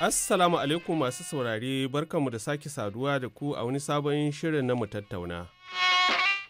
Assalamu alaikum masu saurare barkanmu da sake saduwa da ku a wani sabon shirin na mu tattauna.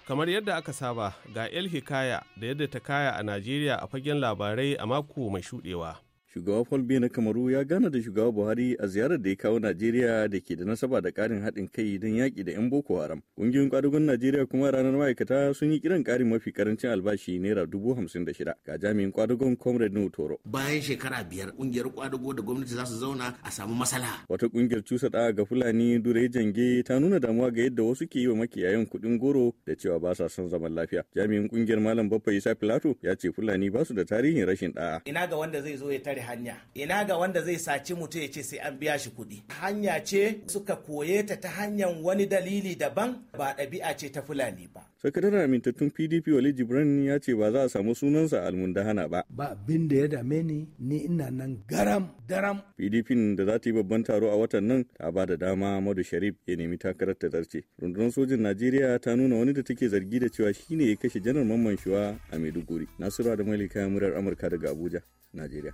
Kamar yadda aka saba ga El Hikaya da yadda ta kaya a Najeriya a fagen labarai a mako mai shudewa. shugaba Paul Biya na Kamaru ya gana da shugaba Buhari a ziyarar da ya kawo Najeriya da ke da nasaba da karin haɗin kai don yaƙi da 'yan Boko Haram. Ƙungiyoyin ƙwadagon Najeriya kuma ranar ma'aikata sun yi kiran ƙarin mafi ƙarancin albashi naira dubu hamsin da shida ga jami'in ƙwadagon Comrade Nuhu Toro. Bayan shekara biyar ƙungiyar ƙwadago da gwamnati za su zauna a samu masala. Wata ƙungiyar cusa ɗa ga Fulani Dure Jange ta nuna damuwa ga yadda wasu ke yi wa makiyayan kuɗin goro da cewa ba sa son zaman lafiya. Jami'in ƙungiyar Malam Baffa Isa Filato ya ce Fulani ba su da tarihin rashin ɗa'a. Ina ga wanda zai zo ya tare hanya ina ga wanda zai saci mutu ya ce sai an biya shi kuɗi hanya ce suka koye ta ta hanyar wani dalili daban ba ɗabi'a ce ta fulani ba sakataren amintattun pdp wali jibran ya ce ba za a samu sunansa almundahana ba ba abin da ya dame ni ni ina nan garam daram pdp da za ta yi babban taro a watan nan ta ba da dama madu sharif ya nemi takarar ta zarce rundunar sojin najeriya ta nuna wani da take zargi da cewa shine ya kashe janar mamman shuwa a maiduguri nasiru da malika murar amurka daga abuja najeriya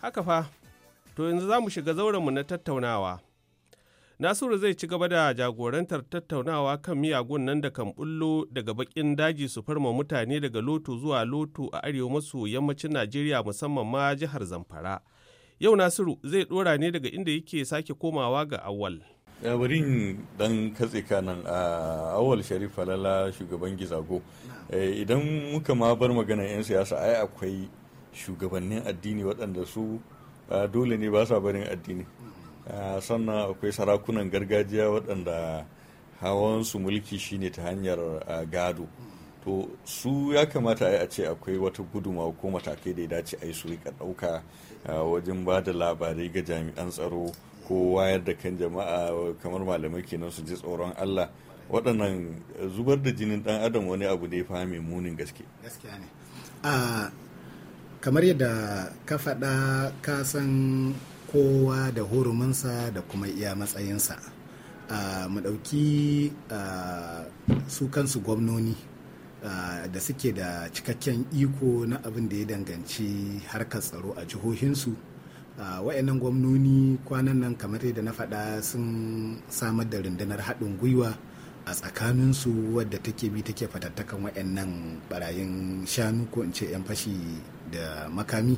Haka fa, to yanzu za mu shiga zauranmu na tattaunawa. Nasiru zai ci gaba da jagorantar tattaunawa kan miyagun nan da kan bullo daga bakin daji su farma mutane daga loto zuwa loto a arewa maso yammacin Najeriya musamman ma jihar Zamfara. Yau Nasiru zai dora ne daga inda yake sake komawa ga awal. ya bari dan katse kanan a awal sharif falala shugaban gizago Eh, idan muka ma bar magana 'yan siyasa ai akwai shugabannin addini waɗanda su dole ne ba sa barin addini sannan akwai sarakunan gargajiya waɗanda hawan su mulki shine ta hanyar gado to su ya kamata a ce akwai wata guduma ko matakai da ya dace a yi su rika ɗauka wajen ba da labarai ga jami'an tsaro ko wayar da kan jama'a kamar malamai kenan su ji tsoron allah waɗannan eh, zubar da jinin ɗan adam wani abu ne fa mai munin gaske kamar yadda ka faɗa ka san kowa da huruminsa da kuma iya matsayinsa mu ɗauki su kansu gwamnoni da suke da cikakken iko na abin da ya danganci harkar tsaro a jihohinsu wa'annan gwamnoni kwanan nan kamar yadda na faɗa sun samar da rundunar haɗin gwiwa a tsakaninsu wadda take bi take fatattakan waɗannan barayin shanu ko in ce 'yan fashi da makami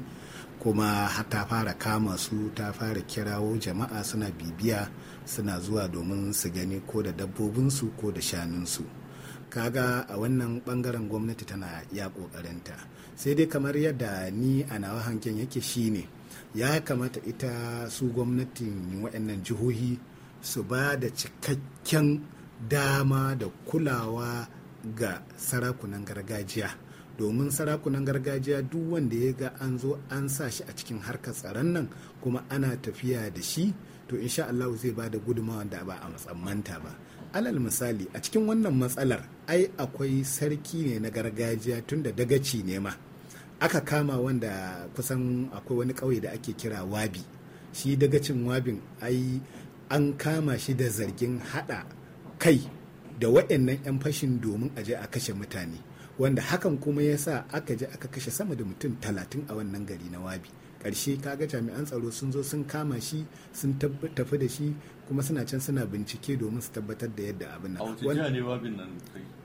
kuma ta fara kama su ta fara kirawo jama'a suna bibiya suna zuwa domin su gani ko da dabbobinsu ko da shanunsu kaga a wannan bangaren gwamnati tana ya kokarinta sai dai kamar yadda ni a nawa hanken yake shine ya kamata ita su gwamnatin waɗannan jihohi su ba da cikakken dama da kulawa ga sarakunan gargajiya domin sarakunan gargajiya duk wanda ya ga an zo an sa shi a cikin harkar tsaron nan kuma ana tafiya da shi to insha Allah zai ba da gudunmawa da ba a matsammanta ba alal misali a cikin wannan matsalar ai akwai sarki ne na gargajiya tun da dagaci ne ma aka kama wanda kusan akwai wani ƙauye da ake kira wabi shi dagacin wabin ai an kama shi da zargin hada kai da waɗannan 'yan fashin domin a je a kashe mutane wanda hakan kuma ya sa aka je aka kashe sama da mutum talatin a wannan gari na wabi ƙarshe kaga jami'an tsaro sun zo sun kama shi sun tafi da shi kuma suna can suna bincike domin su tabbatar da yadda abin nan a ne wabin nan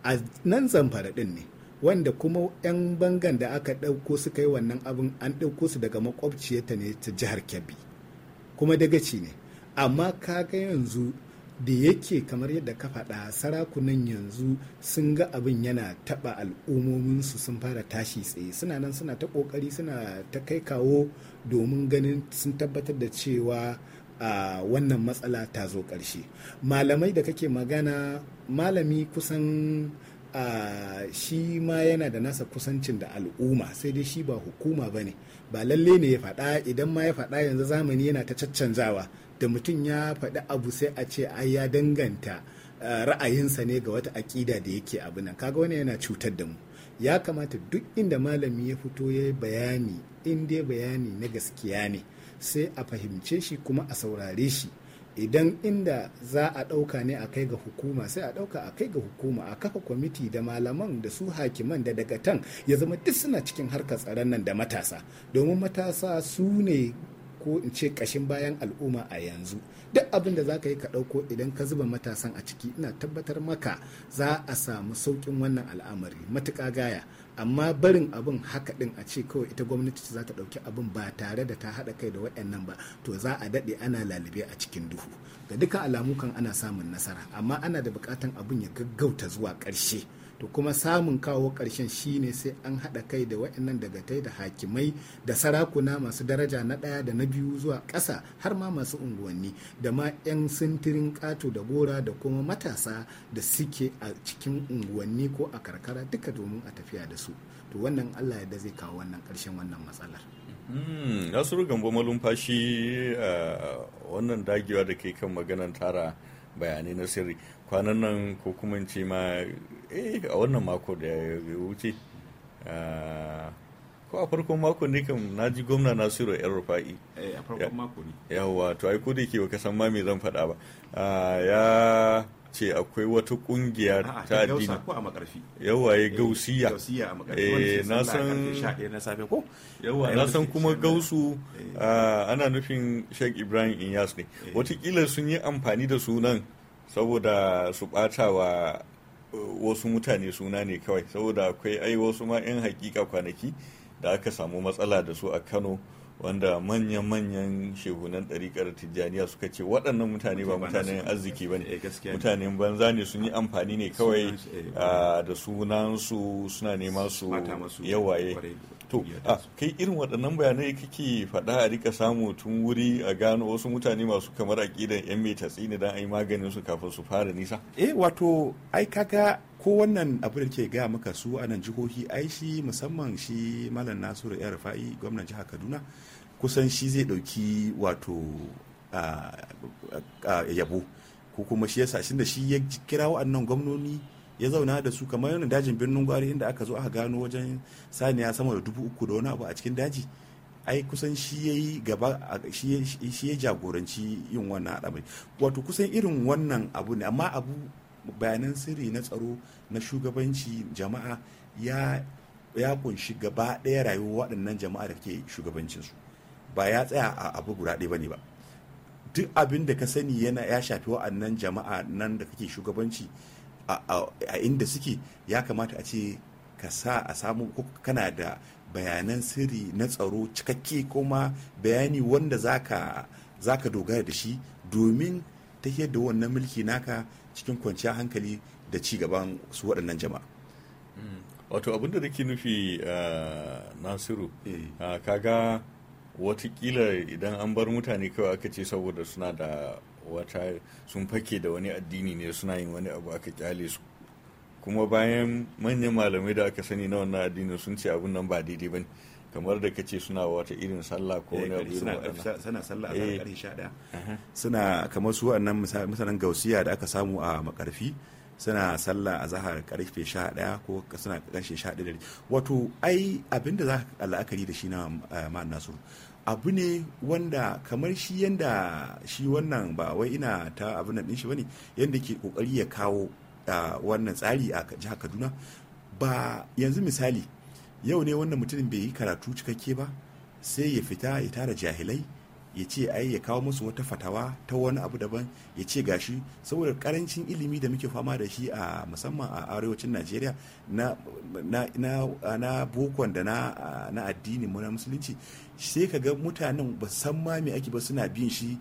a nan zamfara din ne wanda kuma 'yan bangan da aka ɗauko suka yi wannan abin an ɗauko su daga makwabciyarta ne ta jihar kebbi kuma daga ci ne amma kaga yanzu da yake kamar yadda ka faɗa sarakunan yanzu sun ga abin yana taɓa su sun fara tashi tsaye suna nan suna ta ƙoƙari suna ta kai kawo domin ganin sun tabbatar da cewa a wannan matsala ta zo ƙarshe malamai da kake magana malami kusan a shi ma yana da nasa kusancin da al'umma sai dai shi ba hukuma ba ne ba lalle ne ya faɗa idan ma ya faɗa yanzu zamani yana ta caccanzawa da mutum ya faɗi abu sai a ce ai ya danganta eh, ra'ayinsa ne ga wata aƙida da yake abu nan kaga wani yana cutar da mu ya kamata duk inda malami ya fito ya yi bayani in dai bayani na gaskiya ne sai a fahimce shi kuma a saurare shi idan inda za a ɗauka ne a kai ga hukuma sai a ɗauka a kai ga hukuma a kafa kwamiti da malaman da su hakiman da daga tan ya zama duk suna cikin harkar tsaron nan da matasa domin matasa su ne ko in ce kashin bayan al'umma a yanzu duk abin da za ka yi ka ɗauko idan ka zuba matasan a ciki ina tabbatar maka za a samu sauƙin wannan al'amari matuƙa gaya amma barin abin haka ɗin a ce kawai ita gwamnati za ta ɗauki abin ba tare da ta haɗa kai da waɗannan ba to za a daɗe ana lalube a cikin duhu ga dukkan alamu kan ana samun nasara amma ana da buƙatan abin ya gaggauta zuwa ƙarshe to kuma samun kawo ƙarshen shine sai an haɗa kai da daga tai da hakimai da sarakuna masu daraja na ɗaya da na biyu zuwa ƙasa har ma masu unguwanni da ma 'yan sintirin ƙato da gora da kuma matasa da suke a cikin unguwanni ko a karkara duka domin a tafiya da su to wannan allah ya da zai kawo wannan karshen wannan matsalar hmm, nasiru gambo malumfashi eh, wannan dagewa da kai kan maganan tara bayanai na sirri kwanan nan ko kuma ce ma eh a wannan mako da ya wuce ah, ko a farkon mako ne kam na ji gwamna nasiru yan rufa'i eh, a yawa to ai ko da ke baka san ma me zan faɗa ba ah, ya ce akwai wata kungiya ta addini yawa ya eh, gausiya eh, na san na san kuma gausu ah, ana nufin sheikh ibrahim inyas ne watakila sun yi amfani da sunan saboda su ɓata eh, wasu mutane suna ne kawai saboda akwai ai wasu ma 'yan hakika kwanaki da aka samu matsala da su a kano wanda manyan-manyan shehunan ɗariƙar tijjaniya suka ce waɗannan mutane ba mutanen arziki ba eh, ne mutanen banza ne sun yi amfani ne kawai eh. ah, da sunansu suna nema su yawaye to kai irin waɗannan bayanai kake faɗa a rika samu tun wuri a gano wasu mutane masu kamar aƙidan yan mai tatsi ne a ai maganin su kafin su fara nisa eh wato ai kaga ko wannan abu da ke gaya maka su a nan jihohi ai shi musamman shi malam nasiru ya rufa'i gwamnan jihar kaduna kusan shi zai ɗauki wato yabo ko kuma shi yasa shi da shi ya kira wa'annan gwamnoni ya zauna da su kamar yana dajin birnin gwari inda aka zo aka gano wajen saniya sama da dubu uku da wani abu a cikin daji ai kusan shi ya yi gaba shi ya jagoranci yin wannan al'amari wato kusan irin wannan abu ne amma abu bayanan sirri na tsaro na shugabanci jama'a ya ya kunshi gaba ɗaya rayuwar waɗannan jama'a da ke shugabancinsu ba ya tsaya a abu guda ɗaya ba ne ba duk abin da ka sani yana ya shafi waɗannan jama'a nan da kake shugabanci a inda suke ya kamata a ce ka sa a samu kana da bayanan sirri na tsaro cikakke kuma bayani wanda za ka dogara da shi domin ta da wannan mulki naka cikin kwanciyar hankali da ci gaban su waɗannan jama'a mm. wato abin da nake nufi eh, nasiru eh. ah, kaga watakila idan an bar mutane kawai aka ce saboda suna da wata sun fake da wani addini ne suna yin wani abu aka kyale su kuma bayan manyan malamai da aka sani na wannan addinin sun ce abun nan ba daidai bane kamar da kace suna wata irin sallah ko wani eh, abu suna suna sallah a eh. sha 11 suna kamar su wannan misalan gausiya da aka samu a makarfi suna sallah a zahar karfe 11 ko suna karshe 11 wato ai abinda za ka la'akari da shi na eh, ma'an nasu abu ne wanda kamar shi yanda shi wannan ba wai ina ta abu nan shi bane yanda ke kokari ya kawo wannan tsari a jihar Kaduna ba yanzu misali yau ne wannan mutumin bai yi karatu cikakke ba sai ya fita ya tara jahilai ya ce ai ya kawo musu wata fatawa ta wani abu daban ya ce gashi saboda karancin ilimi da muke fama da shi a musamman a arewacin najeriya na na bokon da na addini mu na musulunci sai ka ga mutanen ba san ma me ake ba suna bin shi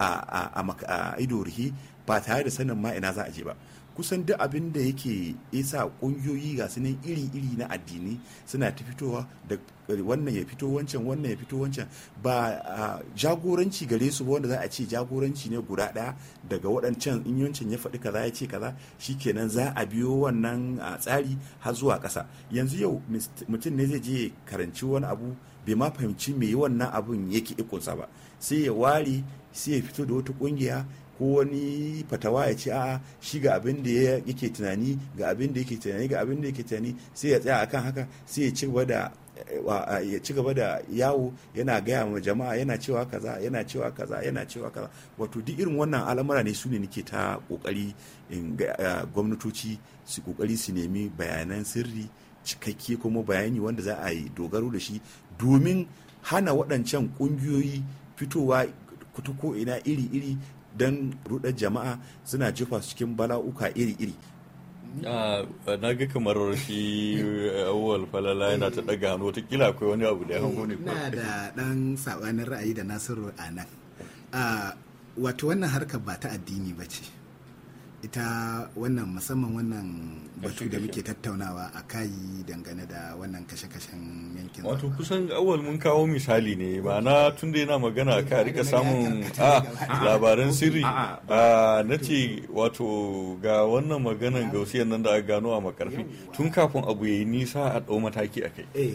a ido rihi ba tare da sanin ma ina za a je ba kusan duk abin da yake isa kungiyoyi ga su iri-iri na addini suna ta fitowa da wannan ya fito wancan wannan ya fito wancan ba jagoranci gare su ba wanda za a ce jagoranci ne guda ɗaya daga waɗancan in yancin ya faɗi kaza ya ce kaza shi shikenan za a biyo wannan tsari har zuwa ƙasa yanzu yau mutum ne zai je karanci wani abu bai ma fahimci me wannan abun yake ikonsa ba sai ya ware sai ya fito da wata kungiya ko wani fatawa ya ce a'a shi ga abin da yake tunani ga abin da yake tunani ga abin da yake tunani sai ya tsaya akan haka sai ya ci gaba da ya ci gaba da yawo yana gaya ma jama'a yana cewa kaza yana cewa kaza yana cewa kaza wato duk irin wannan al'amura ne su ne nake ta kokari in gwamnatoci su kokari su nemi bayanan sirri cikakke kuma bayani wanda za a yi dogaro da shi domin hana waɗancan ƙungiyoyi fitowa ta ko ina iri-iri don rudar jama'a suna jefa su cikin bala'uka iri-iri na ga kamar shi eh, awwal falala yana ta daga hannu kila akwai wani abu da ya hango ne na da dan sabanin ra'ayi da nasiru a nan wato wannan harkar ba ta addini ba ce ita wannan musamman wannan batu da muke tattaunawa a kayi dangane da wannan kashe-kashen yankin wato kusan awal mun kawo misali ne ma'ana tun da yana magana ka rika samun a labaran sirri a na ce wato ga wannan maganan gausiyar nan da aka gano a makarfi tun kafin abu ya yi nisa a ɗau mataki a kai eh.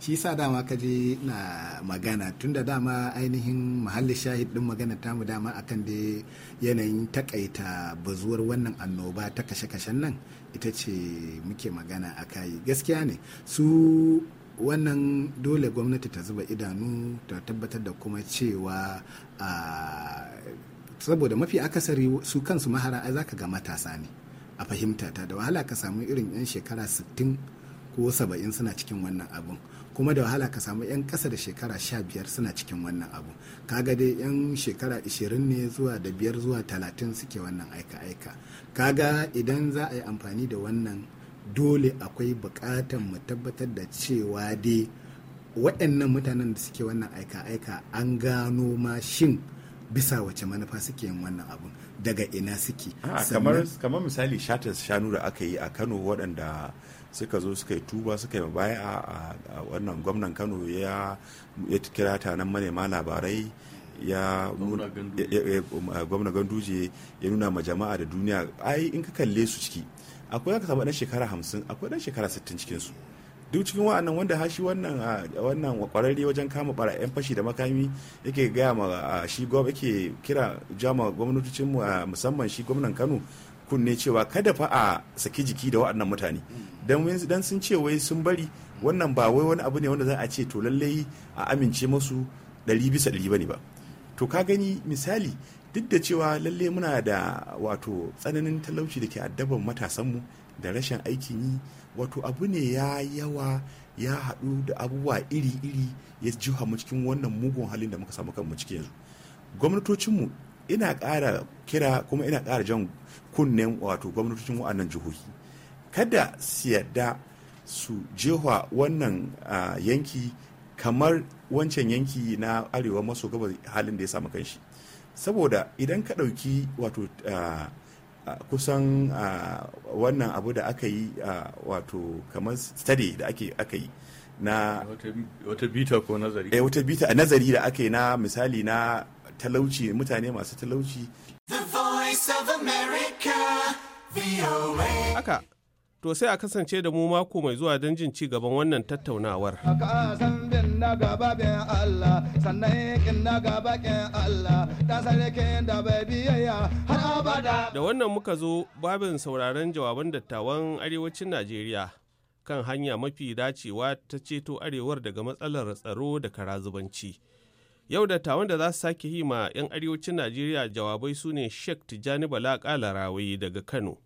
shi sa dama ka je na magana tunda dama ainihin mahallin shahid din magana ta mu dama akan da yanayin takaita bazuwar wannan annoba ta kashe-kashen nan ita ce muke magana a kayi gaskiya ne su wannan dole gwamnati ta zuba idanu ta tabbatar da kuma cewa a saboda mafi akasari su kansu mahara ai zaka ga matasa ne a fahimta ta da wahala ka samu irin 'yan shekara 60 ko 70 suna cikin wannan abun kuma da wahala ka samu 'yan kasa da shekara sha biyar suna cikin wannan abu kaga dai 'yan shekara ishirin ne zuwa da biyar zuwa talatin suke wannan aika-aika kaga idan za a yi amfani da wannan dole akwai buƙatar mu tabbatar da cewa dai waɗannan mutanen da suke wannan aika-aika an gano ma shin bisa wace manufa suke yin wannan abun daga ina suke kamar misali shatar shanu da aka yi a kano waɗanda suka zo suka yi tuba suka yi baya a wannan gwamnan kano ya kira taron manema labarai ya gwamna ganduje ya nuna ma jama'a da duniya ai in ka kalle su ciki akwai aka samu dan shekara hamsin akwai dan shekara sittin cikinsu. duk cikin wa'annan wanda hashi wannan wannan kwararre wajen kama bara yan fashi da makami yake gaya ma shi gwamnati yake kira jama gwamnatocin musamman shi gwamnan Kano kunne cewa kada fa a saki jiki da waɗannan mutane dan sun ce wai sun bari wannan ba wai wani abu ne wanda za a ce to lallai a amince masu ɗari bisa ɗari bane ba to ka gani misali duk da cewa lalle muna da wato tsananin talauci da ke addaban matasanmu da rashin aikin yi wato abu ne ya yawa ya haɗu da abubuwa iri-iri ya jiha mu cikin wannan mugun halin da muka samu kanmu ciki yanzu gwamnatocinmu ina ƙara kira kuma ina ƙara jan kunnen wato gwamnatocin wa'annan jihohi kada su yadda su jewa wannan yanki kamar wancan yanki na arewa maso gabas halin da ya samu kanshi saboda idan ka ɗauki wato kusan wannan abu da aka yi wato kamar study da aka yi na wata bita ko nazari eh wata bita a nazari da aka yi na misali na talauci mutane masu talauci The Voice of America, Aka, to sai a kasance da mu mako mai zuwa don jin ci gaban wannan tattaunawar da wannan muka zo babin sauraron jawaban dattawan arewacin najeriya kan hanya mafi dacewa ta ceto arewar daga matsalar tsaro da karazubanci. Yau da dattawan da za su sake hima 'yan arewacin Najeriya jawabai su ne Sheikh Tijjani Bala Kalarawi daga Kano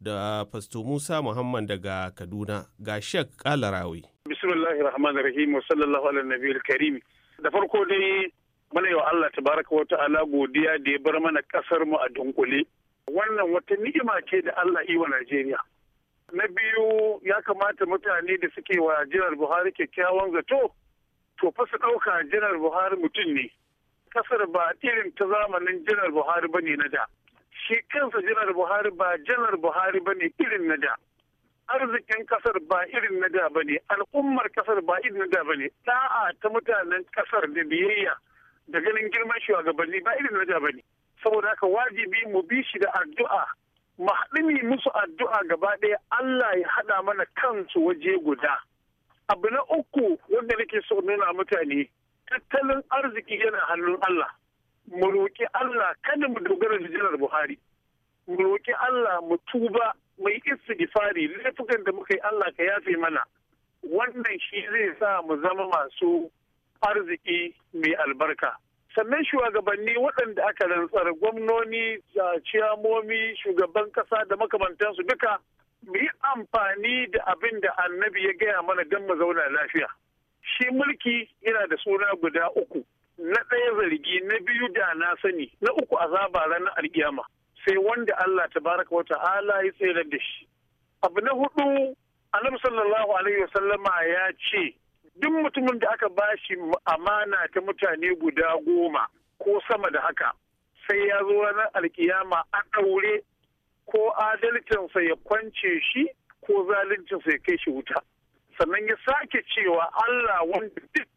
da Fasto Musa Muhammad daga Kaduna ga Sheikh Kalarawi. rahman Rahim Da farko dai mana yau Allah baraka wata ala godiya da ya bar mana kasar mu a dunkule. Wannan wata ni'ima ce da Allah yi wa Najeriya. Na biyu ya kamata mutane da suke wa jiran Buhari kyakkyawan zato to fa su ɗauka janar buhari mutum ne kasar ba irin ta zamanin janar buhari ba ne na da shi kansa janar buhari ba janar buhari ba ne irin na da arzikin kasar ba irin na da ba ne al'ummar kasar ba irin na da ba ne da'a ta mutanen kasar da biyayya da ganin girman shugabanni ba irin na da ba ne saboda haka wajibi mu bi shi da addu'a mu haɗu musu addu'a gaba ɗaya Allah ya haɗa mana kansu waje guda abu na uku wanda nake so nuna mutane tattalin arziki yana hannun Allah mu roƙi Allah kada mu dogara da jiran Buhari mu roƙi Allah mu tuba mai istighfari laifukan da muka yi Allah ka yafe mana wannan shi zai sa mu zama masu arziki mai albarka sannan shugabanni waɗanda aka rantsar gwamnoni ciyamomi shugaban ƙasa da makamantansu duka mu yi amfani da abin da annabi ya gaya mana don mu zauna lafiya shi mulki yana da suna guda uku na ɗaya zargi na biyu da na sani na uku a azaba ranar alƙiyama. sai wanda Allah Ta wata wata ya tsere da shi abu na hudu annabi sallallahu alaihi wasallama ya ce duk mutumin da aka ba shi amana ta mutane guda goma ko sama da haka sai ya zo ranar alƙiyama a ɗaure ko adalcinsa ya kwance shi ko zaluncinsa ya kai shi wuta sannan ya sake cewa Allah wanda duk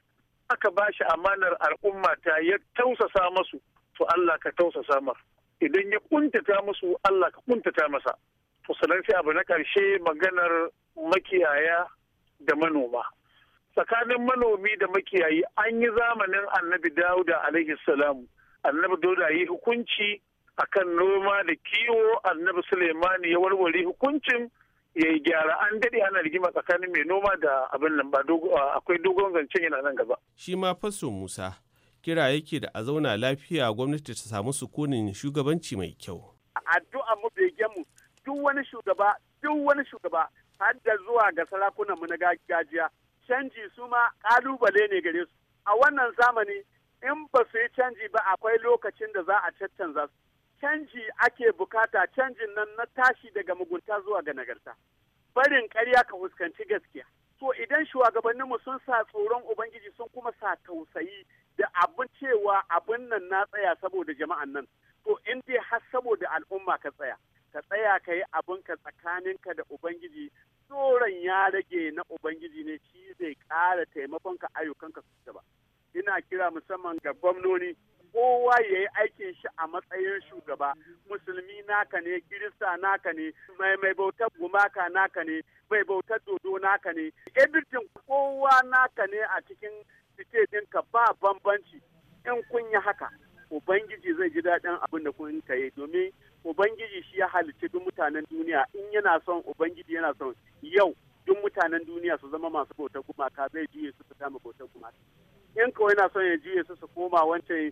aka ba shi amanar al'umma ta ya tausasa masu to Allah ka tausasa mar idan ya kuntata musu Allah ka kuntata masa to sannan sai abu na karshe maganar makiyaya da manoma tsakanin manomi da makiyayi an yi zamanin annabi dauda alaihi salam annabi dauda yi hukunci akan noma da kiwo annabi suleimani ya warware hukuncin ya yi gyara an daɗe ana rigima tsakanin mai noma da abin nan ba akwai dogon zancen yana nan gaba. shi ma faso musa kira yake da a zauna lafiya gwamnati ta samu sukunin shugabanci mai kyau. addu'a mu bege mu duk wani shugaba duk wani shugaba har da zuwa ga sarakunan mu na gajiya, canji su ma kalubale ne gare su a wannan zamani in ba su yi canji ba akwai lokacin da za a caccanza su canji ake bukata canjin nan na tashi daga mugunta zuwa ga nagarta barin karya ka fuskanci gaskiya to idan shugabanninmu sun sa tsoron ubangiji sun kuma sa tausayi da abin cewa abin nan na tsaya saboda jama'an nan to in dai har saboda al'umma ka tsaya ka tsaya ka yi tsakanin tsakaninka da ubangiji tsoron ya rage na ubangiji ne shi zai ƙara taimakonka ayyukanka su ba ina kira musamman ga gwamnoni kowa ya yi aikin shi a matsayin shugaba musulmi naka ne kirista naka ne mai bautar gumaka naka ne mai bautar dodo naka ne ebitin kowa naka ne a cikin state ka ba bambanci in kun yi haka ubangiji zai ji daɗin abin da kun ka yi domin ubangiji shi ya halicci duk mutanen duniya in yana son ubangiji yana son yau duk mutanen duniya su zama masu bautar gumaka zai juye su fita mu bautar gumaka in kawai yana son ya juya su su koma wancan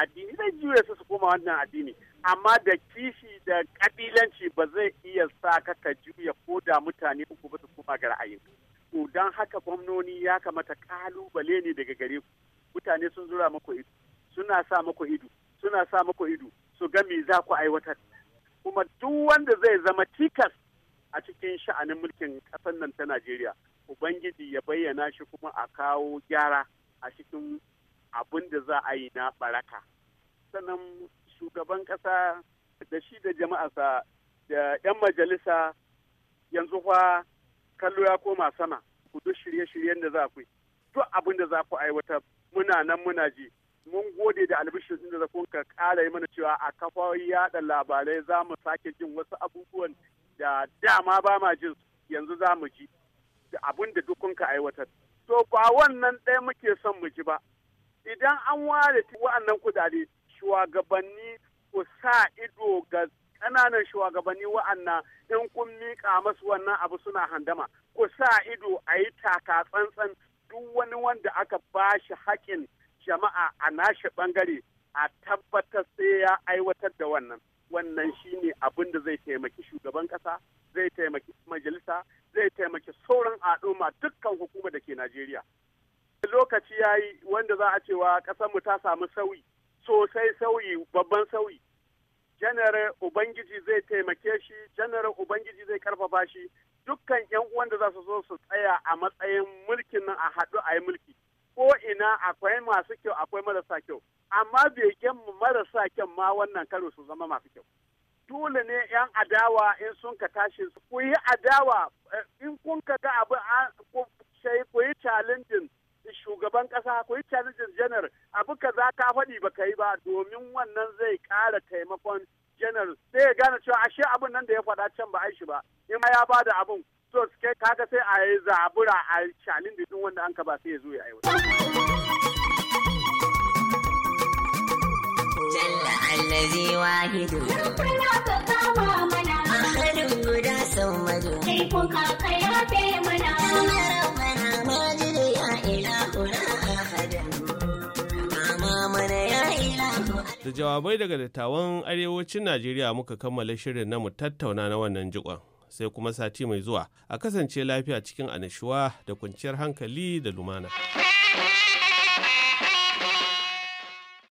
addini zai juya su su koma wannan addini amma da kishi da kabilanci ba zai iya sa ka ka juya ko da mutane uku ba su koma ga ra'ayin to don haka gwamnoni ya kamata kalubale ne daga gare ku mutane sun zura mako ido suna sa mako ido suna sa ido su ga me za ku aiwatar kuma duk wanda zai zama tikas a cikin sha'anin mulkin ƙasar nan ta Najeriya ubangiji ya bayyana shi kuma a kawo gyara a cikin abin da za a yi na baraka sannan shugaban ƙasa da shi da jama'arsa da 'yan majalisa yanzu fa kallo ya koma sama ku duk shirye-shiryen da za ku yi duk abin da za ku aiwatar muna nan muna ji mun gode da albishir da kun ka kara yi mana cewa a kafawai yada labarai za mu sake jin wasu abubuwan da dama ba ma jin yanzu za mu ji da abin da duk ka aiwatar To ba wannan ɗaya muke son mu ji ba. Idan an ware wa'annan kudade, shugabanni ku sa ido ga ƙananan shugabanni wa'annan in kun miƙa masu wannan abu suna handama. Ku sa ido a yi taka tsantsan duk wani wanda aka bashi shi haƙin jama'a a nashi ɓangare a tabbatar sai ya aiwatar da wannan wannan shine abin da zai taimaki shugaban kasa zai taimaki majalisa zai taimaki sauran al'umma dukkan hukuma da ke najeriya lokaci ya yi wanda za a cewa mu ta samu sauyi sosai sauyi babban sauyi janaral ubangiji zai taimake shi janaral ubangiji zai karfafa shi dukkan yan uwan da za su zo su tsaya a matsayin mulkin nan a haɗu a yi mulki ko ina akwai masu kyau akwai marasa kyau amma begen mu marasa kyan ma wannan karo su zama masu kyau dole ne yan adawa in sun ka tashi ku yi adawa eh, in kun ka ga abu sai ku yi challenging shugaban kasa ku yi challenging janar abu za ka faɗi ba ka yi ba domin wannan zai ƙara taimakon janar sai ya gane cewa ashe abin nan da ya faɗa can ba aishi ba in ya ya bada abin to kaga sai a yi zabura a challenge din wanda an ka ba sai ya zo ya aiwata jalla allazi wahidu rumfuna ka kama mana ahadun guda sau madu laifin kaka ya mama mana ya da jawabai daga dattawan arewacin Najeriya muka kammala shirin na mu tattauna na wannan jikon. sai kuma sati mai zuwa a kasance lafiya cikin anishuwa da kwanciyar hankali da lumana.